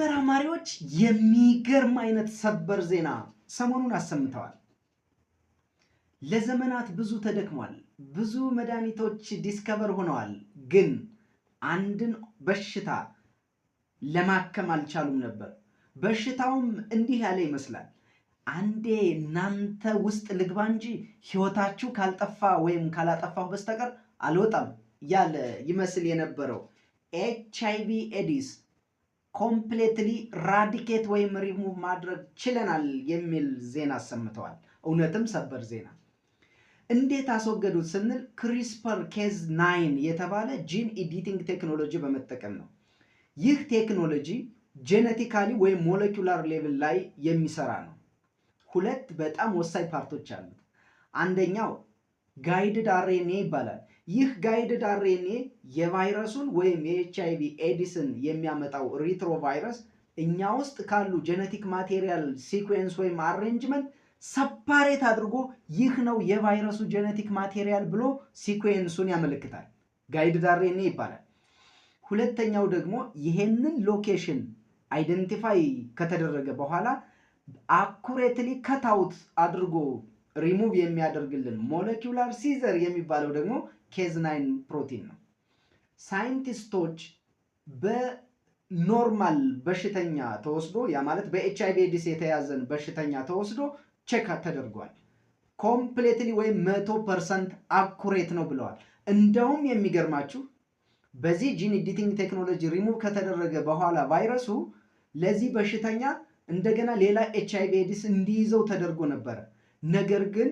ተመራማሪዎች የሚገርም አይነት ሰበር ዜና ሰሞኑን አሰምተዋል። ለዘመናት ብዙ ተደክሟል፣ ብዙ መድኃኒቶች ዲስከቨር ሆነዋል፣ ግን አንድን በሽታ ለማከም አልቻሉም ነበር። በሽታውም እንዲህ ያለ ይመስላል። አንዴ እናንተ ውስጥ ልግባ እንጂ ሕይወታችሁ ካልጠፋ ወይም ካላጠፋሁ በስተቀር አልወጣም ያለ ይመስል የነበረው ኤች አይ ቪ ኤዲስ ኮምፕሌትሊ ራዲኬት ወይም ሪሙቭ ማድረግ ችለናል የሚል ዜና አሰምተዋል። እውነትም ሰበር ዜና። እንዴት አስወገዱት ስንል ክሪስፐር ኬዝ ናይን የተባለ ጂን ኤዲቲንግ ቴክኖሎጂ በመጠቀም ነው። ይህ ቴክኖሎጂ ጄኔቲካሊ ወይም ሞለኪላር ሌቭል ላይ የሚሰራ ነው። ሁለት በጣም ወሳኝ ፓርቶች አሉት። አንደኛው ጋይድድ አሬኔ ይባላል። ይህ ጋይድድ አርኤንኤ የቫይረሱን ወይም የኤች አይቪ ኤዲስን የሚያመጣው ሪትሮቫይረስ እኛ ውስጥ ካሉ ጄኔቲክ ማቴሪያል ሲኩዌንስ ወይም አሬንጅመንት ሰፓሬት አድርጎ ይህ ነው የቫይረሱ ጄኔቲክ ማቴሪያል ብሎ ሲኩዌንሱን ያመለክታል። ጋይድድ አርኤንኤ ይባላል። ሁለተኛው ደግሞ ይሄንን ሎኬሽን አይደንቲፋይ ከተደረገ በኋላ አኩሬትሊ ከታውት አድርጎ ሪሙቭ የሚያደርግልን ሞለኪውላር ሲዘር የሚባለው ደግሞ ኬዝናይን ፕሮቲን ነው። ሳይንቲስቶች በኖርማል በሽተኛ ተወስዶ ያ ማለት በኤች አይቪ ኤዲስ የተያዘን በሽተኛ ተወስዶ ቼክ ተደርጓል። ኮምፕሌትሊ ወይም መቶ ፐርሰንት አኩሬት ነው ብለዋል። እንደውም የሚገርማችሁ በዚህ ጂን ኤዲቲንግ ቴክኖሎጂ ሪሙቭ ከተደረገ በኋላ ቫይረሱ ለዚህ በሽተኛ እንደገና ሌላ ኤች አይቪ ኤዲስ እንዲይዘው ተደርጎ ነበረ። ነገር ግን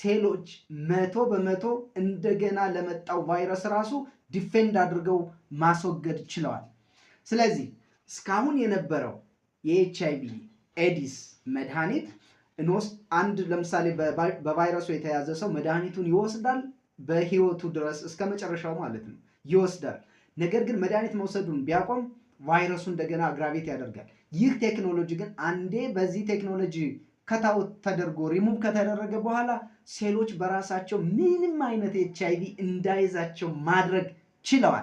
ሴሎች መቶ በመቶ እንደገና ለመጣው ቫይረስ ራሱ ዲፌንድ አድርገው ማስወገድ ችለዋል። ስለዚህ እስካሁን የነበረው የኤች አይ ቪ ኤዲስ መድኃኒት እንወስድ አንድ ለምሳሌ በቫይረሱ የተያዘ ሰው መድኃኒቱን ይወስዳል በህይወቱ ድረስ እስከ መጨረሻው ማለት ነው ይወስዳል። ነገር ግን መድኃኒት መውሰዱን ቢያቆም ቫይረሱ እንደገና አግራቤት ያደርጋል። ይህ ቴክኖሎጂ ግን አንዴ በዚህ ቴክኖሎጂ ከታውት ተደርጎ ሪሙቭ ከተደረገ በኋላ ሴሎች በራሳቸው ምንም አይነት ኤች አይቪ እንዳይዛቸው ማድረግ ችለዋል።